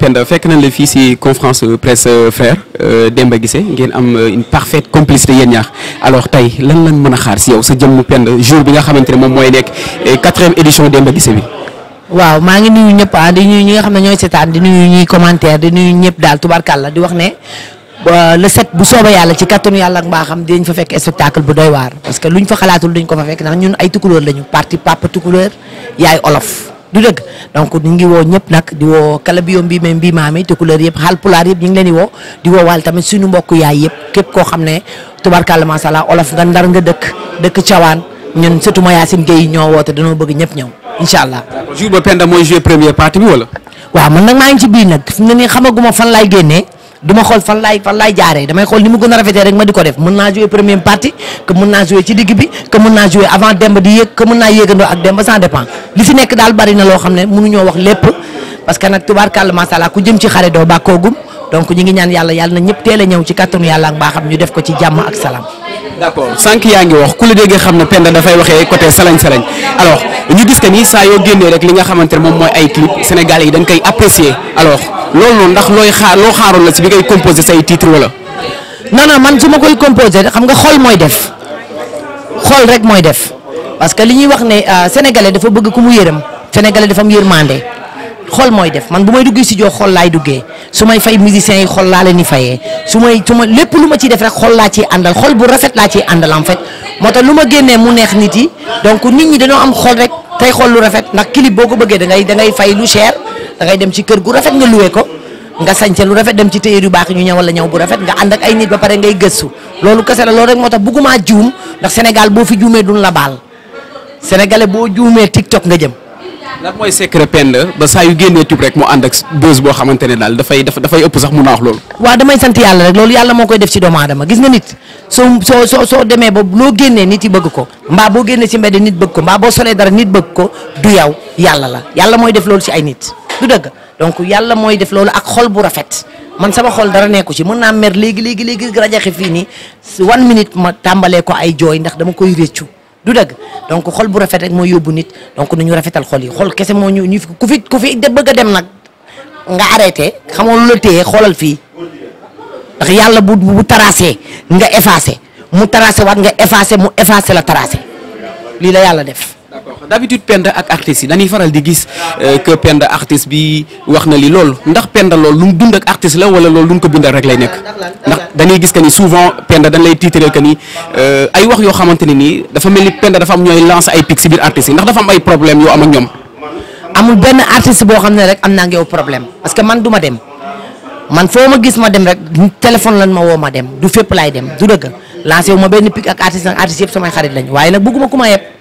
Penda fekk nañ la fii si conférence presse euh, frère euh, Demba Guissé ngeen am euh, une parfaite complicité yéen ñaar alors tey lan lañ mën a xaar si yow sa jëmm Penda jour bi nga xamante ne moom mooy nekk quatrième édition Demba Guissé bi. waaw maa ngi nuyu ñëpp ah di nuyu nga xam ne ñooy seetaan di nuyu ñuy commentaire di nuyu ñëpp daal tubarkàlla di wax ne. le set bu soobee yàlla ci kattanu yàlla ak mbaaxam dinañ fa fekk spectacle bu doy waar parti papa tukulóor yaay du dëgg donc ñu ngi woo ñëpp nag di woo kala bi yow mbii mee mbii maami te couleur yëpp xaal pulaar yëpp ñu ngi leen di woo di woo waal tamit suñu mbokk yaay yëpp képp koo xam ne tubarkalla macha allah olof nga ndar nga dëkk dëkk cawaan ñun surtout ma Yacine Gueye ñoo woote dañoo bëgg ñëpp ñëw incha allah. jour ba Penda mooy jouer première partie bi wala. waaw man nag maa ngi ci biir nag fi ne nii xamaguma fan laay génnee. duma ma xool fan laay fan laay jaaree damay xool ni mu gën a rafetee rek ma di ko def mën naa jouer première partie que mën naa jouer ci digg bi que mën naa jouer avant Demba di yéeg que mën naa yéegandoo ak Demba ça dépend li fi nekk daal bari na loo xam ne mënuñoo wax lépp parce que nag tubaarkàlla macha allah ku jëm ci xare doo bàkkoogum donc ñu ngi ñaan yàlla yàlla na ñëpp teel a ñëw ci kàttanu yàlla ak mbaaxam ñu def ko ci jàmm ak salaam. d'accord sànq yaa ngi wax ku la xam ne Penda dafay waxee côté salañ salañ alors ñu gis que ni saa yoo génnee rek li nga xamante ne moom mooy ay clip sénégalais yi dañ koy apprécier alors loolu noonu ndax looy xaar loo xaaroon la si bi ngay composé say titre wala. non man su ma koy composé xam nga xol mooy def xol rek mooy def parce que li ñuy wax ne euh, sénégalais dafa bëgg ku mu yërëm sénégalais dafa am yërmande xol mooy def man bu may si studio xol laay duggee su may fay musiciens yi xol laa leen di fayee su may ma lépp lu ma ci def rek xol laa ci àndal xol bu rafet laa ciy àndal en fait moo tax lu ma génnee mu neex nit yi donc nit ñi dañoo am xol rek tey xol lu rafet ndax clip boo ko bëggee da ngay da ngay fay lu cher. da ngay dem ci kër gu rafet nga loué ko nga sañce lu rafet dem ci téyé du baax ñu ñawal la ñaw bu rafet nga and ak ay nit ba paré ngay gëstu loolu kessé la loolu rek motax tax bugguma ndax sénégal bo fi juumee duñ la bal sénégalais bo tiktok nga jëm lan moy secret pend ba sa yu génné tub rek mo and ak buzz xamanténé dal da fay da fay ëpp sax mu a wax loolu waaw damay sant yalla rek loolu yalla mo koy def ci doom aadama gis nga nit so so so ba lo génné nit yi bëgg ko mba bo génné ci nit bëgg ko mba bo solé dara nit bëgg ko du yaw yalla la yalla moy def ci ay nit du deug donc yalla moy def lolu ak xol bu rafet man sama xol dara neeku ci meuna mer legi legi legi rajaxi fi ni 1 minute ma tambalé ko ay joy ndax dama koy reccu du deug donc xol bu rafet rek moy yobbu nit donc ñu rafetal xol yi xol kesse mo ñu ku fi ku fi bëgg dem nak nga arrêté xamoon lu téé xolal fi ndax yalla bu bu tracé nga effacer mu tracé wat nga effacer mu effacer la tracé li la yalla def d'habitude penda ak artiste dañuy faral di gis euh, que penda artiste bi wax na li lol ndax penda lol lu dund ak artiste la wala lol lu ko bindal rek lay nek ndax dañuy gis que ni souvent penda dañ lay titrer que ni euh, ay wax yo xamanteni ni dafa melni penda dafa am ñoy lancer ay pic ci bir artiste ndax dafa am ay problème yo am ak ñom amul ben artiste bo xamne rek am naa problème parce que man duma dem man foo ma gis ma dem rek téléphone lan ma wo ma dem du fépp lay dem du deug lancé wu ma ben pic ak artiste ak artiste yépp sama xarit lañ waye nak bëgguma ku yépp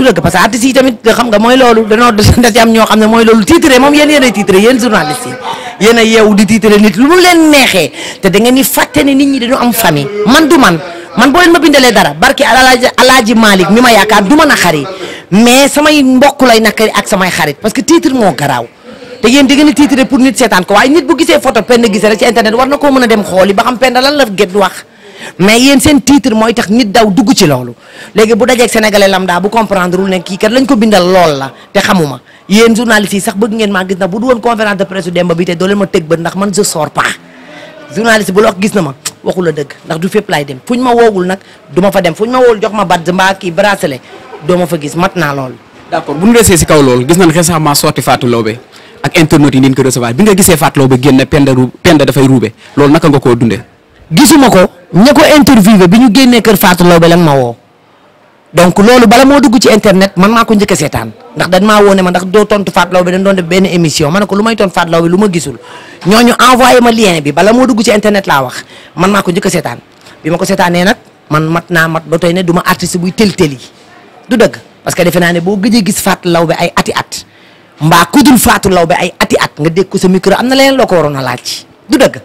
du dëgg parce que artistes yi mooy loolu danoo da ci am ñoo xam ne mooy loolu titre moom yéen yéen ay titre yéen journaliste yi di titre nit lu leen neexee te da ngeen di nit ñi dañu am famille man du man man ma bindalee dara barki alaaji alaaji mi ma yaakaar du ma naqari mais samay mbokk lay ak samay xarit parce que titre moo garaaw te yéen da ngeen di nit seetaan ko waaye nit bu gisee photo penn gisee rek internet war la gét mais yéen seen titre mooy tax nit daw dugg ci loolu léegi bu dajeeg sénégalais lambda bu comprendre wul ne kii kat lañ ko bindal lool la te xamuma yéen journaliste yi sax bëgg ngeen maa na bu woon conférence de presse te doo leen ma tëg gis na ma waxu la dëgg ndax du fépp laay dem fu ma woowul nag du ma fa dem fu ma woowul jox ma bat mbaa kii bracelet doo ma fa gis mat naa lool. d'accord bu ñu desee si kaw loolu gis nañ récemment sorti Fatou Laobé ak internautes yi ni ñu ko recevoir bi nga gisee Fatou Laobé génn penda ru penda dafay ruube loolu naka nga koo dundee. gisuma ko ña ko interviewé bi ñu génnee kër Fatou Laobé la ma woo donc loolu bala moo dugg ci internet man maa ko njëkk seetaan ndax dañ maa woo ne ma ndax doo tontu Fatou Laobé dañ doon benn émission ma ne ko lu may tontu Fatou Laobé lu ma gisul ñooñu envoyé ma lien bi bala moo dugg ci internet laa wax man maa ko jëkk seetaan bi ma ko seetaanee nag man mat naa mat ba tey ne du ma artiste buy tël-tël yi du dëgg parce que defe naa ne boo gëjee gis Fatou Laobé ay ati at mbaa ku dul law be ay ati at nga dégg ko sa am na leneen loo ko waroon a laaj du dëgg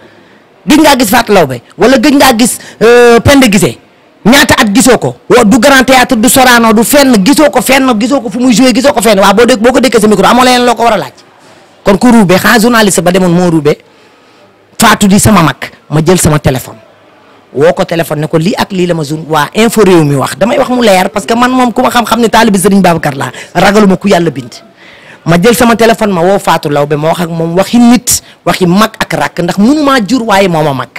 gëj ngaa gis Fatou Laobé wala gëj ngaa gis euh, Penda gise ñaata at gisoo ko wa du grand théâtre du Sorano du fen gisoo ko fenn gisoo ko fu muy joué gisoo ko fenn waaw boo dé boo ko dékkee sa micro amoo leneen loo ko war a laaj kon ku ruube xanaa journaliste ba demoon moo ruube Fatou di sama mag ma jël sama téléphone woo ko téléphone ne ko lii ak lii la ma zone waa info réew wax damay wax mu leer parce que man moom ku xam-xam ne taalibi Serigne Babacar laa ragaluma ku yàlla bind ma jël sama téléphone ma woo Fatou Lawbe ma wax ak moom waxi nit waxi mag ak rakk ndax mënumaa jur waaye moo ma mag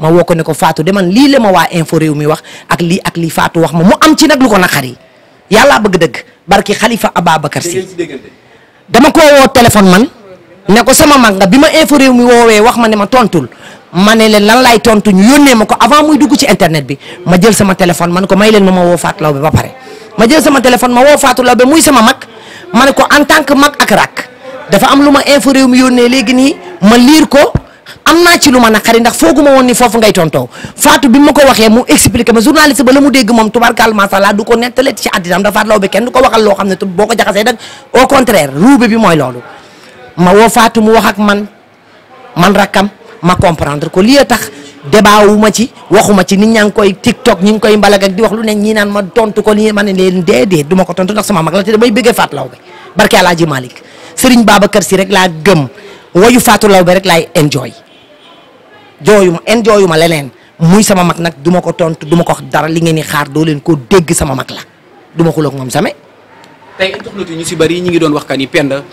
ma woo ko ne ko Fatou de man lii ma waa info réew mi wax ak lii ak lii wax ma mu am ci nag lu ko naqari yàllaa bëgg dëgg barki Khalifa Ababacar Sy dama ko téléphone man ne ko sama mag bi ma info réew woowee wax ma ne ma tontul ma ne leen lan laay tontu ñu yónnee ma ko avant muy dugg ci internet bi ma jël sama téléphone man ko may leen ma ma woo Fatou Lawbe ba pare ma jël sama téléphone ma woo Fatou Lawbe muy sama mag ma ne ko en tant que mag ak rak dafa am lu ma info réew mi yónnee léegi nii ma liir ko am naa ci lu ma naqari ndax fooguma woon ni foofu ngay tontoo Fatou bi ma ko waxee mu expliqué ma journaliste ba la mu dégg moom tubarkal masala du ko nettale ci àddinaam dafa law bi kenn du ko waxal loo xam ne boo ko jaxasee nag au contraire ruube bi mooy loolu ma woo Fatou mu wax ak man man rakkam ma comprendre ko lii tax débat wu ma ci waxuma ci nit ñaa ngi koy tiktok ñi ngi koy mbalag ak di wax lu ne ñii naan ma tontu ko nii ma ne leen déedéet du duma ko tontu ndax sama mag la te damay bëggee Fatou Laobé barke El Hadj Malick Serigne Babacar Sy rek laa gëm woyu Fatou Laobé rek laay enjoy jooyu ma enjoyu ma leneen muy sama mag nag du ma ko tontu duma ko wax dara li ngeen di xaar doo leen ko dégg sama mag la du ma xuloog moom same tey internet yi ñu si bëri ñi ngi doon wax ka ni Penda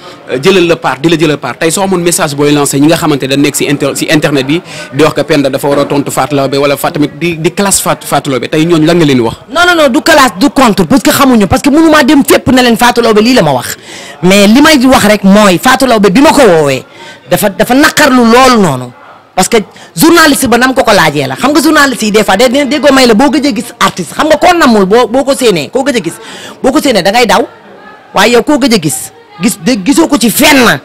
jëlal la part di la jëlal part tey soo amoon message booy lancé ñi nga xamante dañ nekk si inter si internet bi di wax que Penda dafa war a tontu Fatou Laobé wala Fatou tamit di di classe Fatou Fatou Laobé tey ñooñu lan leen wax. non non non du classe du contre parce que xamuñu parce que mënu maa dem fépp na leen Fatou Laobé lii la ma wax mais li may wax rek mooy Fatou Laobé bi ma ko woowee dafa dafa naqarlu noonu. parce que journaliste ba nam ko ko laajee la xam nga journaliste yi des fois boo gëj a gis artiste xam koo namul boo boo ko a gis boo waaye yow koo gëj a gis gis de gisoo ko ci fenn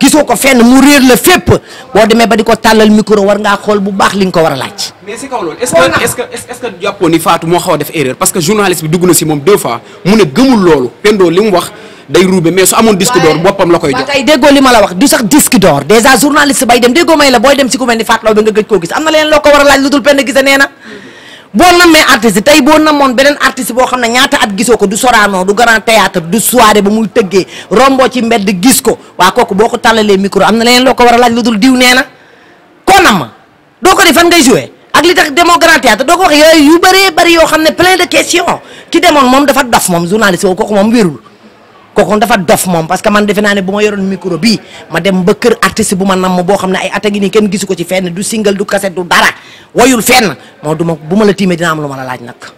gisoo ko fenn mu réer la fépp boo demee ba di ko tàllal micro war ngaa xool bu baax li nga ko war a laaj. a def erreur parce que journaliste bi dugg na si moom deux mu ne gëmul loolu Pendo li wax. day ruube mais su amoon disque d'or boppam la koy jox déggoo li ma la wax du sax disque d'or déggoo may la booy dem si ku mel ni Fatou Laobé nga gëj koo gis am na leen loo ko war a laaj lu dul penn gise nee na boo nammee artiste tey boo namoon beneen artiste boo xam ne ñaata at gisoo ko du Sorano du Grand Théâtre du soirée ba muy tëggee romboo ci mbedd gis ko waa kooku boo ko tàllalee micro am na leen loo ko war a laaj lu dul diw nee na koo nam doo ko di fan ngay joué ak li tax demoo Grand Théâtre doo ko wax yu bëree bëri yoo xam ne plein de questions ki demoon moom dafa dof moom journaliste boobu kooku moom wérul kooku dafa dof mom parce que man defena ne buma yoron micro bi ma dem ba keur artiste buma nam bo xamne ay atagi ni ken gisuko ci fenn du single du cassette du dara woyul fenn mo duma buma la timé dina am luma la laaj nak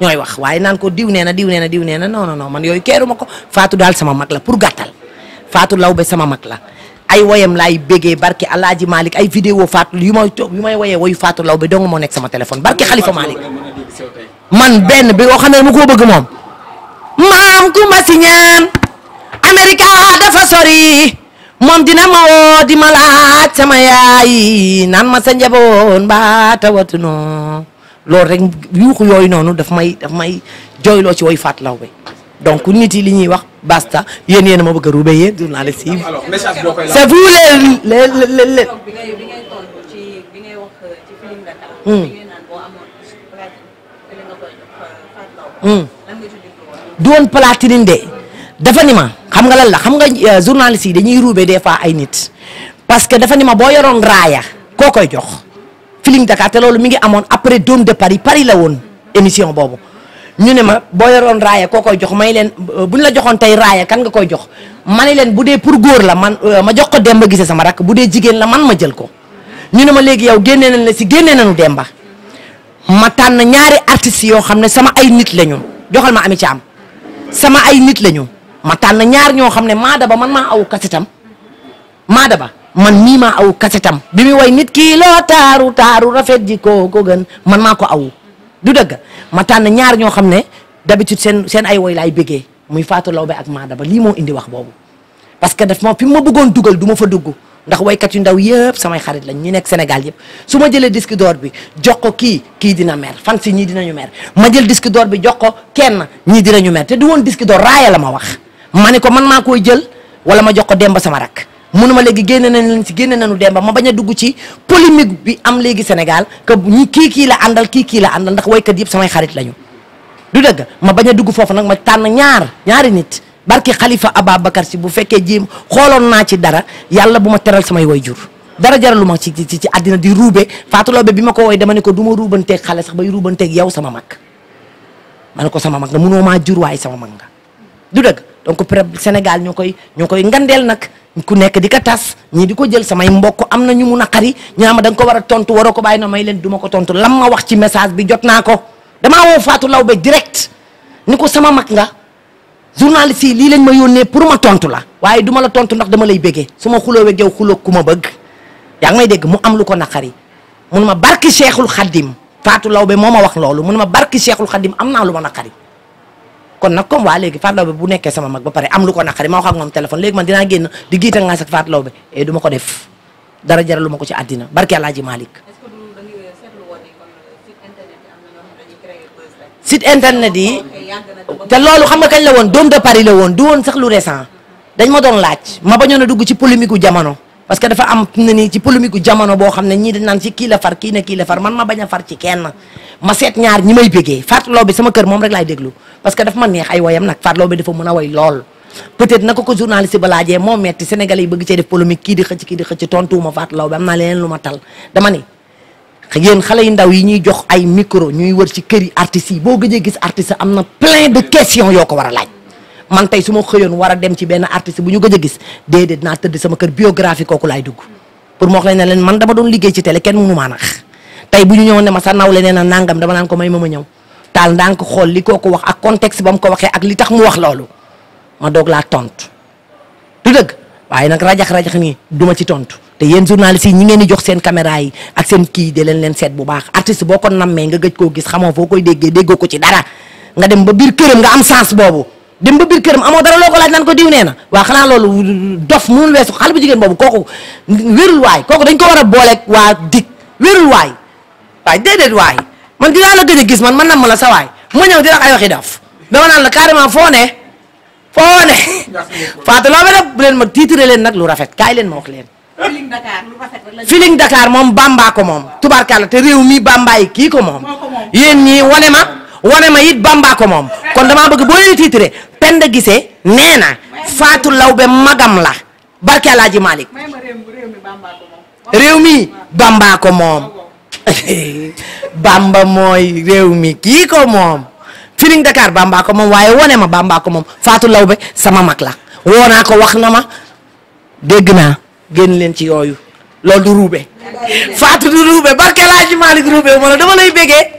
ñoy wax waye nan ko diw neena diw neena diw neena non non non man yoy keeruma Fatou dal sama mak la pour gatal Fatou sama mak la ay wayam lay bégee barke Alaaji malik ay video Fatou yu may yu may woyee woyu Fatou dong mo nek sama téléphone barke Khalifa Malik, man Ben bi waxane xam ne ma koo ku ma Amerika dafa dina ma woo di ma laaj sama noonu daf may daf yi li ñuy wax basta yéen yéen a ma bëgg a ruube yéen journaliste yi. alors message boo koy laaj du woon platine de. dafa ni ma xam nga lan la xam nga euh, journaliste yi dañuy ruube des fois ay nit parce que dafa ni ma boo yoroon raaya koo koy jox Feeling Dakar te loolu mi ngi amoon après Dôme de Paris pari la woon émission boobu ñu ne ma boo yoroon raaya koo koy jox may leen euh, bu ñu la joxoon tey raaya kan nga koy jox ma ne leen bu dee pour góor la man euh, ma jox ko Demba Guissé sama rakk bu dee jigéen la man ma jël ko ñu ne ma léegi yow génnee nañ la si génnee nañu Demba ma tànn ñaari artistes yoo xam ne sama ay nit la ñu joxal ma ami ci am sama ay la ñu ma tànn ñaar ñoo xam ne Maadaba man maa aw kasetam Maadaba man mii maa aw kasetam bi muy way nit kii loo taaru taaru rafet ji ko ko gën man maa ko awu du dëgg ma tànn ñaar ñoo xam ne d'habitude seen seen ay woy laay bëggee muy Fatou Lawbe ak Maadaba lii moo indi wax boobu parce que daf ma fi ma bëggoon dugal du ma fa dugg ndax waykat yu ndaw yëpp samay xarit lañ ñi nekk Sénégal yëpp su ma jëlee disque door bi jox ko kii kii dina mer fan si ñii dinañu mer ma jël disque d'or bi jox ko kenn ñii dinañu mer du woon disque d'or raaya la ma wax ma ne ko man maa koy jël wala ma jox ko Demba sama rak munu ma léegi génne nañ leen si génne nañu Demba ma bañ a dugg ci polémique bi am léegi Sénégal que ñi kii kii la àndal kii kii la àndal ndax waykat yëpp samay xarit lañu. du dëgg ma bañ a dugg foofu nag ma tànn ñaar ñaari nit barki Khalifa Ababacar si bu fekkee jéem xooloon naa ci dara yàlla bu ma teral samay wayjur dara jaralu ma ci ci ci àddina di ruube Fatou Laobé bi ma ko woy dama ne ko du ma ruubanteeg xale sax bay ruubanteeg yow sama mag ma ne ko sama mag nga munoo maa jur sama mag nga du donc prep sénégal ñu koy ñu koy ngandel nak ku nekk di ka tass ñi di ko jël samay mbokk amna ñu mëna xari ñama dang ko wara tontu waroo ko bayina na may leen duma ko tontu lam ma wax ci message bi jotna ko dama wo Fatou be direct niko sama mak nga journaliste li lii ma yone pour ma tontu la waye duma la tontu nak dama lay béggee suma xulo wé yow xulo kuma bëgg yaa may dégg mu am lu ko nakari mun ma barki cheikhul khadim Fatou law be moma wax lolu mun ma barki cheikhul khadim amna lu ma kon na comme waa léegi Fatou Laobé bu nekkee sama mag ba pare am lu ko naqari ma wax ak moom téléphone léegi man dinaa génn di giita ngaas ak Fatou Laobé et eh, du ma ko def dara jaralu ma ko ci àddina barke Alaaji Malick site internet yi te loolu xam nga kañ la woon doom de Paris la woon du woon sax lu récent dañ ma doon laaj ma bañoon a dugg ci polémique u jamono parce que dafa am na ni ci polémique gu jamono boo xam ne ñii dañ naan ci kii la far kii ne kii la far man ma bañ a far ci kenn ma seet ñaar ñi may bégee faatloo bi sama kër moom rek laay déglu parce que dafa ma neex ay woyam nag faatloo bi dafa mën a woy lool peut-être naka ko journaliste ba laajee moo metti sénégalais yi bëgg cee def polémique kii di xëcc kii di xëcc tontuwuma faatloo am naa leneen lu ma tal dama ni yéen xale yu ndaw yi ñuy jox ay micro ñuy wër ci kër yi artistes boo gëjee gis artiste am na plein de questions war a laaj man tey su ma xëyoon war a dem ci benn artiste bu ñu gëj gis déedéet dinaa tëdd sama kër biographie kooku laay dugg pour moo wax ne leen man dama doon liggéey ci télé kenn mënu maa nax tey bu ñu ñëwoon ne ma sa nawle nee na nangam dama naan ko may ma ma taal ndànk xool li ko wax ak contexte ba mu ko waxee ak li tax mu wax loolu ma doog laa tontu du waaye nag rajax-rajax nii duma ci tontu te yéen journalistes yi ñi ngeen di jox seen caméra yi ak seen kii de leen leen seet bu baax artiste boo ko nammee nga gëj koo gis xamoo foo koy déggee déggoo ko ci dara nga dem ba biir këram nga am boobu dem ba biir amoo dara loo ko laaj naan ko diw nee na waa xanaa loolu dof munul weesu xale bu jigéen boobu kooku wérul waay kooku dañ ko war a booleeg waa dig wérul waay waay déedéet waay man dinaa la gëj a gis man man nam ma la sa waay ma ñëw di wax ay waxi dof dama naan la carrément foo ne foo ne faata loo nag bu leen ma tiitire leen nag lu rafet kaay leen ma wax leen Feeling Dakar lu rafet la. moom Bamba ko moom te réew mi Bamba yi kii ko moom yéen ñii wane wane ma it bàmbaa ko moom kon damaa bëgg boo leen tiitre Penda Guissé nee na Fatou Lawbe magam la barke Alaaji Malick réew mi bàmbaa ko moom bamba mooy réew mi kii ko moom Feeling Dakar bàmbaa ko moom waaye wane ma bàmbaa ko moom Fatou Lawbe sama mag la woo naa ko wax na ma dégg naa génn leen ci yooyu loolu du ruube Fatou du ruube barke Alaaji Malick ruube ma la dama lay bégee